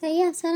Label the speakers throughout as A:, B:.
A: Sí, a su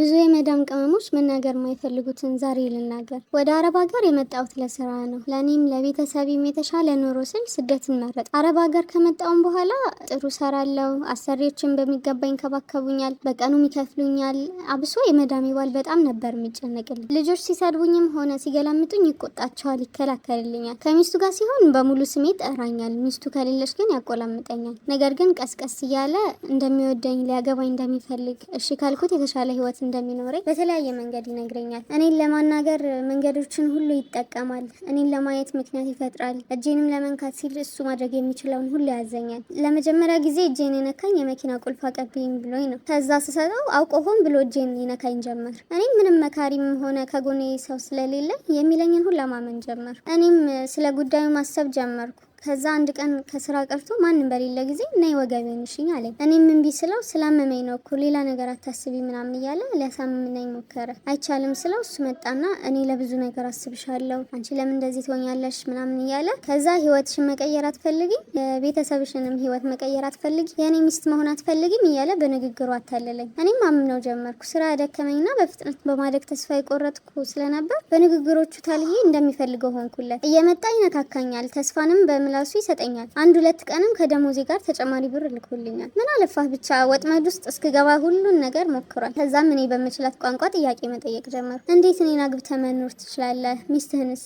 A: ብዙ የመዳም ቅመሞች መናገር የማይፈልጉትን ዛሬ ልናገር። ወደ አረብ ሀገር የመጣሁት ለስራ ነው። ለእኔም ለቤተሰቤም የተሻለ ኑሮ ስል ስደትን መረጥ። አረብ ሀገር ከመጣውም በኋላ ጥሩ ሰራለው። አሰሪዎችን በሚገባ ይንከባከቡኛል፣ በቀኑም ይከፍሉኛል። አብሶ የመዳም ባል በጣም ነበር የሚጨነቅልኝ። ልጆች ሲሰድቡኝም ሆነ ሲገላምጡኝ ይቆጣቸዋል፣ ይከላከልልኛል። ከሚስቱ ጋር ሲሆን በሙሉ ስሜት ጠራኛል፣ ሚስቱ ከሌለች ግን ያቆላምጠኛል። ነገር ግን ቀስቀስ እያለ እንደሚወደኝ ሊያገባኝ እንደሚፈልግ እሺ ካልኩት የተሻለ ህይወት እንደሚኖረኝ በተለያየ መንገድ ይነግረኛል። እኔን ለማናገር መንገዶችን ሁሉ ይጠቀማል። እኔን ለማየት ምክንያት ይፈጥራል። እጄንም ለመንካት ሲል እሱ ማድረግ የሚችለውን ሁሉ ያዘኛል። ለመጀመሪያ ጊዜ እጄን የነካኝ የመኪና ቁልፍ አቀብኝ ብሎኝ ነው። ከዛ ስሰጠው አውቆ ሆን ብሎ እጄን ይነካኝ ጀመር። እኔም ምንም መካሪም ሆነ ከጎኔ ሰው ስለሌለ የሚለኝን ሁላ ማመን ጀመር። እኔም ስለ ጉዳዩ ማሰብ ጀመርኩ። ከዛ አንድ ቀን ከስራ ቀርቶ ማንም በሌለ ጊዜ ነይ ወገቤን ይሽኝ አለኝ። እኔም እምቢ ስለው ስላመመኝ ነው እኮ ሌላ ነገር አታስቢ ምናምን እያለ ሊያሳምነኝ ሞከረ። አይቻልም ስለው እሱ መጣና እኔ ለብዙ ነገር አስብሻለሁ፣ አንቺ ለምን እንደዚህ ትሆኛለሽ ምናምን እያለ ከዛ ህይወትሽን መቀየር አትፈልጊ፣ የቤተሰብሽንም ህይወት መቀየር አትፈልጊ፣ የእኔ ሚስት መሆን አትፈልጊም እያለ በንግግሩ አታለለኝ። እኔም አምነው ጀመርኩ። ስራ ያደከመኝና በፍጥነት በማደግ ተስፋ የቆረጥኩ ስለነበር በንግግሮቹ ታልዬ እንደሚፈልገው ሆንኩለት። እየመጣ ይነካካኛል፣ ተስፋንም በምን ራሱ ይሰጠኛል። አንድ ሁለት ቀንም ከደሞዜ ጋር ተጨማሪ ብር ልኮልኛል። ምን አለፋህ ብቻ ወጥመድ ውስጥ እስክገባ ሁሉን ነገር ሞክሯል። ከዛም እኔ በምችላት ቋንቋ ጥያቄ መጠየቅ ጀመሩ። እንዴት እኔን አግብተ መኖር ትችላለህ? ሚስትህንስ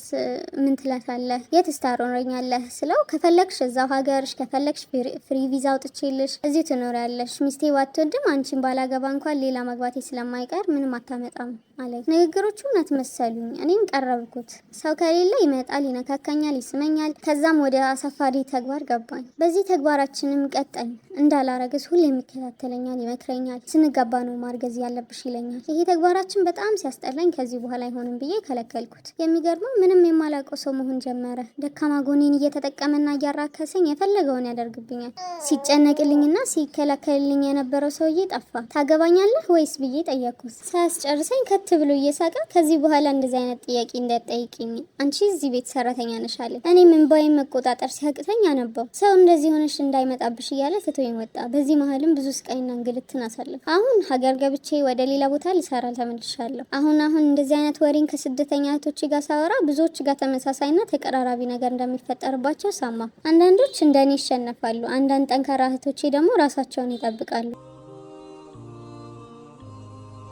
A: ምን ትላታለህ? የት ታኖረኛለህ? ስለው ከፈለግሽ እዛው ሀገርሽ፣ ከፈለግሽ ፍሪ ቪዛ አውጥቼልሽ እዚሁ ትኖሪያለሽ። ሚስቴ ባትወድም አንቺን ባላገባ እንኳን ሌላ መግባቴ ስለማይቀር ምንም አታመጣም አለኝ። ንግግሮቹ እውነት መሰሉኝ። እኔም ቀረብኩት። ሰው ከሌለ ይመጣል፣ ይነካከኛል ይስመኛል። ከዛም ወደ አሳፋሪ ተግባር ገባኝ። በዚህ ተግባራችንም ቀጠል እንዳላረግዝ ሁሌ የሚከታተለኛል፣ ይመክረኛል። ስንጋባ ነው ማርገዝ ያለብሽ ይለኛል። ይሄ ተግባራችን በጣም ሲያስጠላኝ ከዚህ በኋላ አይሆንም ብዬ ከለከልኩት። የሚገርመው ምንም የማላውቀው ሰው መሆን ጀመረ። ደካማ ጎኔን እየተጠቀመና እያራከሰኝ የፈለገውን ያደርግብኛል። ሲጨነቅልኝና ሲከላከልልኝ የነበረው ሰውዬ ጠፋ። ታገባኛለህ ወይስ ብዬ ጠየቅኩት። ሳያስጨርሰኝ ከት ብሎ እየሳቀ ከዚህ በኋላ እንደዚህ አይነት ጥያቄ እንዳትጠይቅኝ አንቺ እዚህ ቤት ሰራተኛ ነሻለን። እኔ ምንባይ መቆጣጠር መቆጣጠር ሲያቅተኝ አነባው። ሰው እንደዚህ ሆነሽ እንዳይመጣብሽ እያለ ትቶኝ ወጣ። በዚህ መሀልም ብዙ ስቃይና እንግልትን አሳለፍ። አሁን ሀገር ገብቼ ወደ ሌላ ቦታ ልሰራ ተመልሻለሁ። አሁን አሁን እንደዚህ አይነት ወሬን ከስደተኛ እህቶች ጋር ሳወራ ብዙዎች ጋር ተመሳሳይና ተቀራራቢ ነገር እንደሚፈጠርባቸው ሰማ። አንዳንዶች እንደኔ ይሸነፋሉ፣ አንዳንድ ጠንካራ እህቶቼ ደግሞ ራሳቸውን ይጠብቃሉ።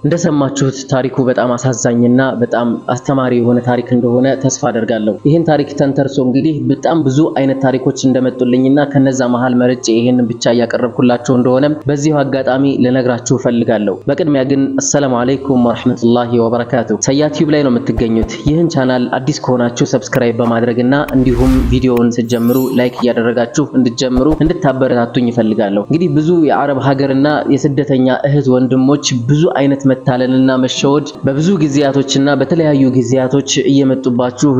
B: እንደሰማችሁት ታሪኩ በጣም አሳዛኝና በጣም አስተማሪ የሆነ ታሪክ እንደሆነ ተስፋ አደርጋለሁ። ይህን ታሪክ ተንተርሶ እንግዲህ በጣም ብዙ አይነት ታሪኮች እንደመጡልኝና ከነዛ መሃል መርጬ ይህን ብቻ እያቀረብኩላችሁ እንደሆነ በዚሁ አጋጣሚ ልነግራችሁ እፈልጋለሁ። በቅድሚያ ግን አሰላሙ አለይኩም ወራህመቱላሂ ወበረካቱ። ሰያ ቲዩብ ላይ ነው የምትገኙት። ይህን ቻናል አዲስ ከሆናችሁ ሰብስክራይብ በማድረግና እንዲሁም ቪዲዮውን ስትጀምሩ ላይክ እያደረጋችሁ እንድትጀምሩ እንድታበረታቱኝ እፈልጋለሁ። እንግዲህ ብዙ የአረብ ሀገርና የስደተኛ እህት ወንድሞች ብዙ አይነት መታለልና መሸወድ በብዙ ጊዜያቶችና በተለያዩ ጊዜያቶች እየመጡባችሁ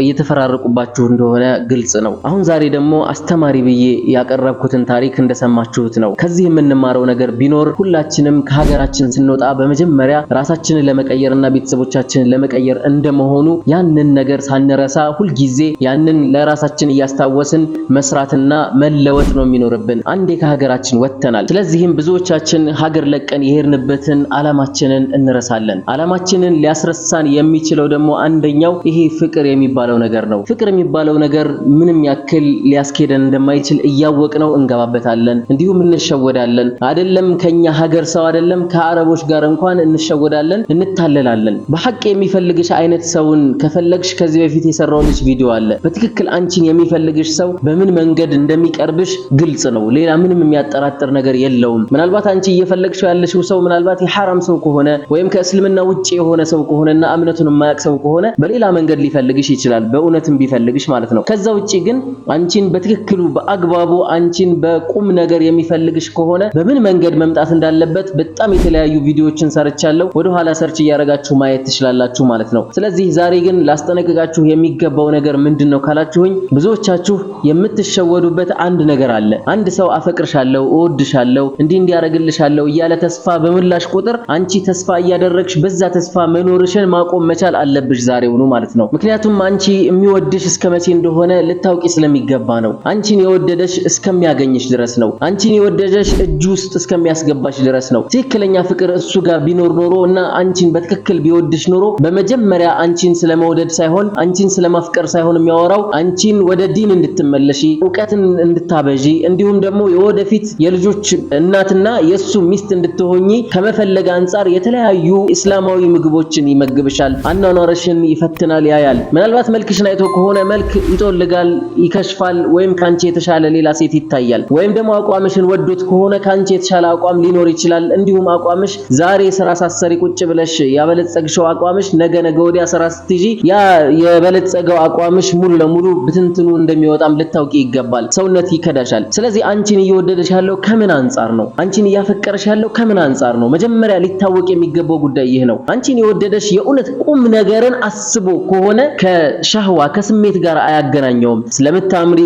B: እየተፈራረቁባችሁ እንደሆነ ግልጽ ነው። አሁን ዛሬ ደግሞ አስተማሪ ብዬ ያቀረብኩትን ታሪክ እንደሰማችሁት ነው። ከዚህ የምንማረው ነገር ቢኖር ሁላችንም ከሀገራችን ስንወጣ በመጀመሪያ ራሳችንን ለመቀየርና ቤተሰቦቻችንን ለመቀየር እንደመሆኑ ያንን ነገር ሳንረሳ ሁልጊዜ ያንን ለራሳችን እያስታወስን መስራትና መለወጥ ነው የሚኖርብን። አንዴ ከሀገራችን ወጥተናል። ስለዚህም ብዙዎቻችን ሀገር ለቀን የሄድንበትን አላማ ዓላማችንን እንረሳለን። ዓላማችንን ሊያስረሳን የሚችለው ደግሞ አንደኛው ይሄ ፍቅር የሚባለው ነገር ነው። ፍቅር የሚባለው ነገር ምንም ያክል ሊያስኬደን እንደማይችል እያወቅ ነው እንገባበታለን፣ እንዲሁም እንሸወዳለን። አይደለም ከኛ ሀገር ሰው አይደለም ከአረቦች ጋር እንኳን እንሸወዳለን፣ እንታለላለን። በሐቅ የሚፈልግሽ አይነት ሰውን ከፈለግሽ ከዚህ በፊት የሰራውልሽ ቪዲዮ አለ። በትክክል አንቺን የሚፈልግሽ ሰው በምን መንገድ እንደሚቀርብሽ ግልጽ ነው። ሌላ ምንም የሚያጠራጥር ነገር የለውም። ምናልባት አንቺ እየፈለግሽው ያለሽው ሰው ምናልባት የሐራም ሰው ሰው ከሆነ ወይም ከእስልምና ውጪ የሆነ ሰው ከሆነና እምነቱን ማያቅ ሰው ከሆነ በሌላ መንገድ ሊፈልግሽ ይችላል፣ በእውነትም ቢፈልግሽ ማለት ነው። ከዛ ውጪ ግን አንቺን በትክክሉ በአግባቡ አንቺን በቁም ነገር የሚፈልግሽ ከሆነ በምን መንገድ መምጣት እንዳለበት በጣም የተለያዩ ቪዲዮዎችን ሰርቻለሁ። ወደ ኋላ ሰርች እያደረጋችሁ ማየት ትችላላችሁ ማለት ነው። ስለዚህ ዛሬ ግን ላስጠነቅቃችሁ የሚገባው ነገር ምንድን ነው ካላችሁኝ፣ ብዙዎቻችሁ የምትሸወዱበት አንድ ነገር አለ። አንድ ሰው አፈቅርሻለሁ፣ እወድሻለሁ፣ እንዲህ እንዲያረግልሻለሁ እያለ ተስፋ በምላሽ ቁጥር አንቺ ተስፋ እያደረግሽ በዛ ተስፋ መኖርሽን ማቆም መቻል አለብሽ ዛሬውኑ ማለት ነው። ምክንያቱም አንቺ የሚወድሽ እስከ መቼ እንደሆነ ልታውቂ ስለሚገባ ነው። አንቺን የወደደሽ እስከሚያገኝሽ ድረስ ነው። አንቺን የወደደሽ እጅ ውስጥ እስከሚያስገባሽ ድረስ ነው። ትክክለኛ ፍቅር እሱ ጋር ቢኖር ኖሮ እና አንቺን በትክክል ቢወድሽ ኖሮ በመጀመሪያ አንቺን ስለመውደድ ሳይሆን አንቺን ስለማፍቀር ሳይሆን የሚያወራው አንቺን ወደ ዲን እንድትመለሺ፣ እውቀትን እንድታበዢ እንዲሁም ደግሞ የወደፊት የልጆች እናትና የሱ ሚስት እንድትሆኚ ከመፈለጋ አንጻር የተለያዩ እስላማዊ ምግቦችን ይመግብሻል፣ አኗኗረሽን ይፈትናል፣ ያያል። ምናልባት መልክሽን አይቶ ከሆነ መልክ ይጦልጋል፣ ይከሽፋል፣ ወይም ካንቺ የተሻለ ሌላ ሴት ይታያል። ወይም ደግሞ አቋምሽን ወዶት ከሆነ ካንቺ የተሻለ አቋም ሊኖር ይችላል። እንዲሁም አቋምሽ ዛሬ ስራ ሳሰሪ ቁጭ ብለሽ ያበለጸግሽው አቋምሽ ነገ ነገ ወዲያ ስራ ስትይዢ ያ የበለጸገው አቋምሽ ሙሉ ለሙሉ ብትንትኑ እንደሚወጣም ልታውቂ ይገባል። ሰውነት ይከዳሻል። ስለዚህ አንቺን እየወደደሽ ያለው ከምን አንጻር ነው? አንቺን እያፈቀረሽ ያለው ከምን አንጻር ነው? መጀመሪያ ሊታወቅ የሚገባው ጉዳይ ይህ ነው። አንቺን የወደደሽ የእውነት ቁም ነገርን አስቦ ከሆነ ከሻህዋ ከስሜት ጋር አያገናኘውም። ስለምታምሪ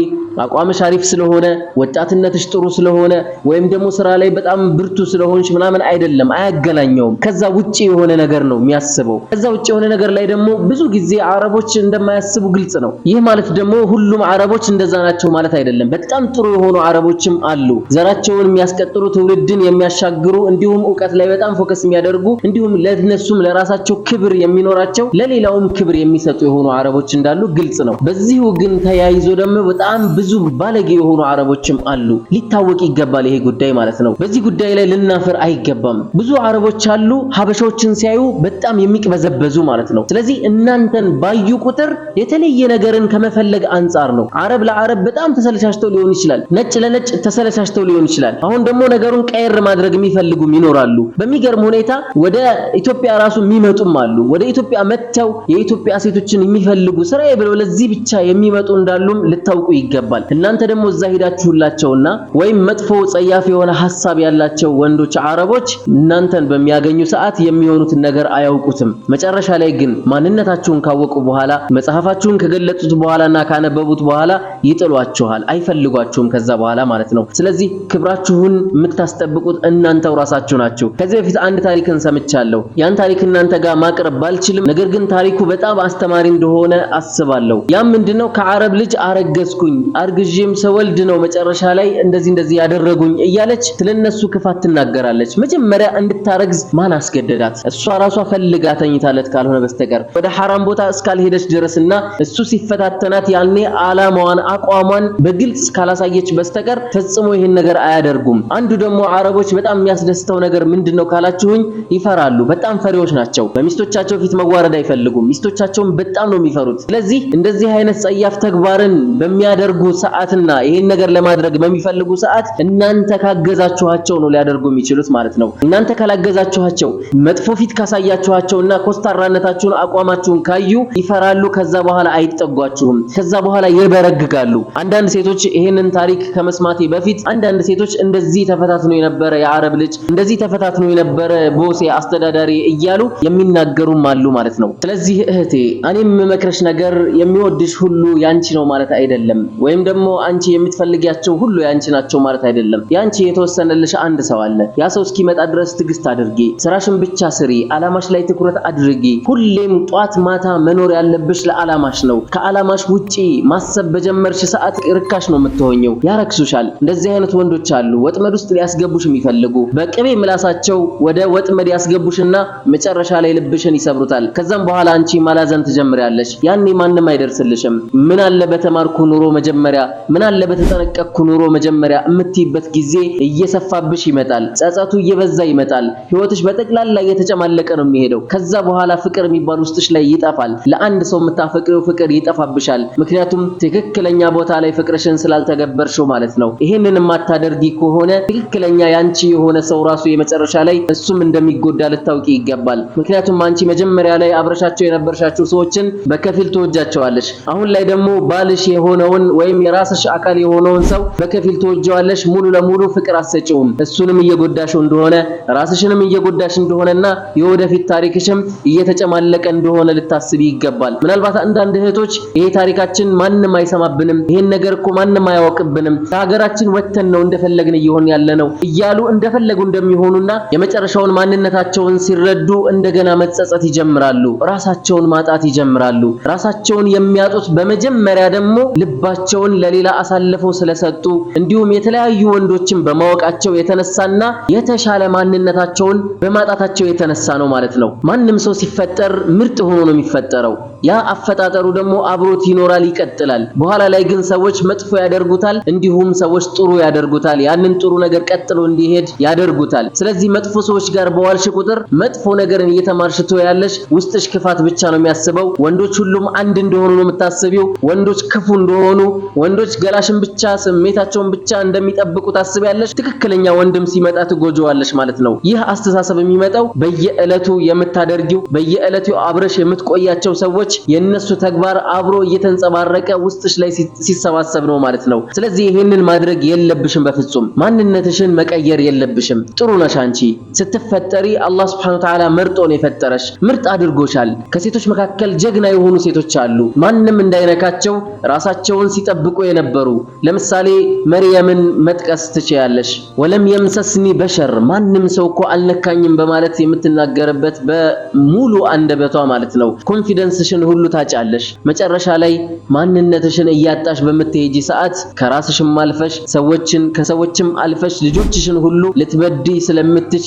B: አቋምሽ አሪፍ ስለሆነ ወጣትነትሽ ጥሩ ስለሆነ ወይም ደግሞ ስራ ላይ በጣም ብርቱ ስለሆንሽ ምናምን አይደለም፣ አያገናኘውም። ከዛ ውጪ የሆነ ነገር ነው የሚያስበው። ከዛ ውጪ የሆነ ነገር ላይ ደግሞ ብዙ ጊዜ አረቦች እንደማያስቡ ግልጽ ነው። ይህ ማለት ደግሞ ሁሉም አረቦች እንደዛ ናቸው ማለት አይደለም። በጣም ጥሩ የሆኑ አረቦችም አሉ፣ ዘራቸውን የሚያስቀጥሉ ትውልድን የሚያሻግሩ እንዲሁም እውቀት ላይ በጣም ፎከስ የሚያደርጉ እንዲሁም ለነሱም ለራሳቸው ክብር የሚኖራቸው ለሌላውም ክብር የሚሰጡ የሆኑ አረቦች እንዳሉ ግልጽ ነው። በዚሁ ግን ተያይዞ ደግሞ በጣም ብዙ ብዙም ባለጌ የሆኑ አረቦችም አሉ። ሊታወቅ ይገባል ይሄ ጉዳይ ማለት ነው። በዚህ ጉዳይ ላይ ልናፍር አይገባም። ብዙ አረቦች አሉ ሀበሻዎችን ሲያዩ በጣም የሚቅበዘበዙ ማለት ነው። ስለዚህ እናንተን ባዩ ቁጥር የተለየ ነገርን ከመፈለግ አንጻር ነው። አረብ ለአረብ በጣም ተሰለቻችተው ሊሆን ይችላል። ነጭ ለነጭ ተሰለቻችተው ሊሆን ይችላል። አሁን ደግሞ ነገሩን ቀየር ማድረግ የሚፈልጉም ይኖራሉ። በሚገርም ሁኔታ ወደ ኢትዮጵያ ራሱ የሚመጡም አሉ። ወደ ኢትዮጵያ መጥተው የኢትዮጵያ ሴቶችን የሚፈልጉ ስራዬ ብለው ለዚህ ብቻ የሚመጡ እንዳሉም ልታውቁ ይገባል። ይገባል። እናንተ ደግሞ እዛ ሄዳችሁላቸውና ወይም መጥፎ ጸያፍ የሆነ ሐሳብ ያላቸው ወንዶች አረቦች እናንተን በሚያገኙ ሰዓት የሚሆኑትን ነገር አያውቁትም። መጨረሻ ላይ ግን ማንነታችሁን ካወቁ በኋላ መጽሐፋችሁን ከገለጡት በኋላና ካነበቡት በኋላ ይጥሏችኋል፣ አይፈልጓችሁም ከዛ በኋላ ማለት ነው። ስለዚህ ክብራችሁን የምታስጠብቁት እናንተው ራሳችሁ ናችሁ። ከዚህ በፊት አንድ ታሪክን ሰምቻለሁ። ያን ታሪክ እናንተ ጋር ማቅረብ ባልችልም፣ ነገር ግን ታሪኩ በጣም አስተማሪ እንደሆነ አስባለሁ። ያም ምንድነው ከአረብ ልጅ አረገዝኩኝ አርግዤም ሰወልድ ነው መጨረሻ ላይ እንደዚህ እንደዚህ ያደረጉኝ እያለች ስለነሱ ክፋት ትናገራለች። መጀመሪያ እንድታረግዝ ማን አስገደዳት? እሷ ራሷ ፈልጋ ተኝታለት ካልሆነ በስተቀር ወደ ሐራም ቦታ እስካልሄደች ድረስና እሱ ሲፈታተናት ያኔ አላማዋን አቋሟን በግልጽ ካላሳየች በስተቀር ፈጽሞ ይህን ነገር አያደርጉም። አንዱ ደግሞ አረቦች በጣም የሚያስደስተው ነገር ምንድነው ካላችሁኝ፣ ይፈራሉ። በጣም ፈሪዎች ናቸው። በሚስቶቻቸው ፊት መዋረድ አይፈልጉም። ሚስቶቻቸውን በጣም ነው የሚፈሩት። ስለዚህ እንደዚህ አይነት ጸያፍ ተግባርን በሚያደርጉ ሰዓትና ይሄን ነገር ለማድረግ በሚፈልጉ ሰዓት እናንተ ካገዛችኋቸው ነው ሊያደርጉ የሚችሉት ማለት ነው። እናንተ ካላገዛችኋቸው፣ መጥፎ ፊት ካሳያችኋቸውና ኮስታራነታችሁን፣ አቋማችሁን ካዩ ይፈራሉ። ከዛ በኋላ አይጠጓችሁም። ከዛ በኋላ ይበረግጋሉ። አንዳንድ ሴቶች ይሄንን ታሪክ ከመስማቴ በፊት አንዳንድ ሴቶች እንደዚህ ተፈታትኖ የነበረ የአረብ ልጅ እንደዚህ ተፈታትኖ የነበረ ቦሴ አስተዳዳሪ እያሉ የሚናገሩም አሉ ማለት ነው። ስለዚህ እህቴ እኔ የምመክረሽ ነገር የሚወድሽ ሁሉ ያንቺ ነው ማለት አይደለም ወይም ወይም ደግሞ አንቺ የምትፈልጊያቸው ሁሉ ያንቺ ናቸው ማለት አይደለም። ያንቺ የተወሰነልሽ አንድ ሰው አለ። ያ ሰው እስኪመጣ ድረስ ትግስት አድርጊ። ስራሽን ብቻ ስሪ። አላማሽ ላይ ትኩረት አድርጊ። ሁሌም ጧት ማታ መኖር ያለብሽ ለአላማሽ ነው። ከአላማሽ ውጪ ማሰብ በጀመርሽ ሰዓት ርካሽ ነው የምትሆኘው። ያረክሱሻል። እንደዚህ አይነት ወንዶች አሉ ወጥመድ ውስጥ ሊያስገቡሽ የሚፈልጉ በቅቤ ምላሳቸው ወደ ወጥመድ ያስገቡሽና መጨረሻ ላይ ልብሽን ይሰብሩታል። ከዛም በኋላ አንቺ ማላዘን ትጀምሪያለሽ። ያኔ ማንም አይደርስልሽም። ምን አለ በተማርኩ ኑሮ መጀመር መጀመሪያ ምን አለ በተጠነቀቅኩ ኑሮ መጀመሪያ የምትይበት ጊዜ እየሰፋብሽ ይመጣል። ጸጸቱ እየበዛ ይመጣል። ህይወትሽ በጠቅላላ እየተጨማለቀ ነው የሚሄደው። ከዛ በኋላ ፍቅር የሚባል ውስጥሽ ላይ ይጠፋል። ለአንድ ሰው የምታፈቅሪው ፍቅር ይጠፋብሻል። ምክንያቱም ትክክለኛ ቦታ ላይ ፍቅርሽን ስላልተገበርሽው ማለት ነው። ይሄንን የማታደርጊ ከሆነ ትክክለኛ ያንቺ የሆነ ሰው ራሱ የመጨረሻ ላይ እሱም እንደሚጎዳ ልታውቂ ይገባል። ምክንያቱም አንቺ መጀመሪያ ላይ አብረሻቸው የነበርሻቸው ሰዎችን በከፊል ትወጃቸዋለሽ። አሁን ላይ ደግሞ ባልሽ የሆነውን ወይም የራስሽ አካል የሆነውን ሰው በከፊል ትወጀዋለሽ፣ ሙሉ ለሙሉ ፍቅር አትሰጪውም። እሱንም እየጎዳሽ እንደሆነ ራስሽንም እየጎዳሽ እንደሆነና የወደፊት ታሪክሽም እየተጨማለቀ እንደሆነ ልታስቢ ይገባል። ምናልባት አንዳንድ እህቶች ይሄ ታሪካችን ማንም አይሰማብንም፣ ይሄን ነገር እኮ ማንም አያወቅብንም፣ ከሀገራችን ወጥተን ነው እንደፈለግን እየሆን ያለ ነው እያሉ እንደፈለጉ እንደሚሆኑና የመጨረሻውን ማንነታቸውን ሲረዱ እንደገና መጸጸት ይጀምራሉ። ራሳቸውን ማጣት ይጀምራሉ። ራሳቸውን የሚያጡት በመጀመሪያ ደግሞ ልባቸውን ራሳቸውን ለሌላ አሳልፈው ስለሰጡ እንዲሁም የተለያዩ ወንዶችን በማወቃቸው የተነሳና የተሻለ ማንነታቸውን በማጣታቸው የተነሳ ነው ማለት ነው። ማንም ሰው ሲፈጠር ምርጥ ሆኖ ነው የሚፈጠረው። ያ አፈጣጠሩ ደግሞ አብሮት ይኖራል፣ ይቀጥላል። በኋላ ላይ ግን ሰዎች መጥፎ ያደርጉታል፣ እንዲሁም ሰዎች ጥሩ ያደርጉታል። ያንን ጥሩ ነገር ቀጥሎ እንዲሄድ ያደርጉታል። ስለዚህ መጥፎ ሰዎች ጋር በዋልሽ ቁጥር መጥፎ ነገርን እየተማርሽ ትወያለሽ። ውስጥሽ ክፋት ብቻ ነው የሚያስበው። ወንዶች ሁሉም አንድ እንደሆኑ ነው የምታስቢው። ወንዶች ክፉ እንደሆኑ፣ ወንዶች ገላሽን ብቻ ስሜታቸውን ብቻ እንደሚጠብቁ ታስቢያለሽ። ትክክለኛ ወንድም ሲመጣ ትጎጂዋለሽ ማለት ነው። ይህ አስተሳሰብ የሚመጣው በየዕለቱ የምታደርጊው በየዕለቱ አብረሽ የምትቆያቸው ሰዎች ሰዎች የነሱ ተግባር አብሮ እየተንጸባረቀ ውስጥሽ ላይ ሲሰባሰብ ነው ማለት ነው። ስለዚህ ይሄንን ማድረግ የለብሽም በፍጹም ማንነትሽን መቀየር የለብሽም። ጥሩ ነሽ አንቺ። ስትፈጠሪ አላህ Subhanahu Wa Ta'ala መርጦ ነው የፈጠረሽ፣ ምርጥ አድርጎሻል። ከሴቶች መካከል ጀግና የሆኑ ሴቶች አሉ፣ ማንም እንዳይነካቸው ራሳቸውን ሲጠብቁ የነበሩ። ለምሳሌ መርየምን መጥቀስ ትችያለሽ። ወለም የምሰስኒ በሸር ማንም ሰው እኮ አልነካኝም በማለት የምትናገርበት በሙሉ አንደበቷ ማለት ነው ኮንፊደንስሽን ነገርሽን ሁሉ ታጫለሽ። መጨረሻ ላይ ማንነትሽን እያጣሽ በምትሄጂ ሰዓት ከራስሽም አልፈሽ ሰዎችን ከሰዎችም አልፈሽ ልጆችሽን ሁሉ ልትበዲ ስለምትቺ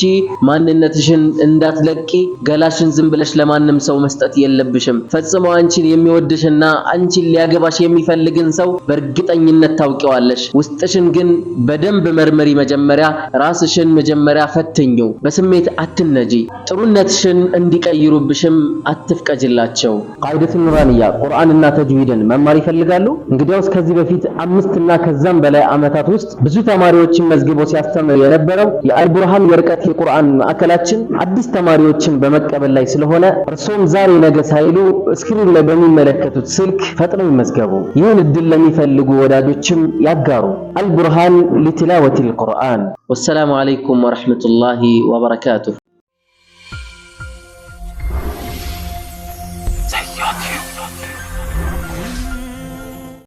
B: ማንነትሽን እንዳትለቂ ገላሽን ዝም ብለሽ ለማንም ሰው መስጠት የለብሽም። ፈጽሞ አንቺን የሚወድሽና አንቺን ሊያገባሽ የሚፈልግን ሰው በእርግጠኝነት ታውቂዋለሽ። ውስጥሽን ግን በደንብ መርመሪ። መጀመሪያ ራስሽን መጀመሪያ ፈትኝው። በስሜት አትነጂ። ጥሩነትሽን እንዲቀይሩብሽም አትፍቀጅላቸው። ቃይደቱን ኑራንያ ቁርአንና ተጅዊድን መማር ይፈልጋሉ? እንግዲያውስ ከዚህ በፊት አምስት እና ከዛም በላይ ዓመታት ውስጥ ብዙ ተማሪዎችን መዝግቦ ሲያስተምር የነበረው የአልቡርሃን የርቀት የቁርአን ማዕከላችን አዲስ ተማሪዎችን በመቀበል ላይ ስለሆነ እርሶም ዛሬ ነገ ሳይሉ እስክሪን ላይ በሚመለከቱት ስልክ ፈጥነው ይመዝገቡ። ይህን እድል ለሚፈልጉ ወዳጆችም ያጋሩ። አልቡርሃን ሊትላወቲል ቁርአን። ወሰላሙ አለይኩም ወረሕመቱላሂ ወበረካቱሁ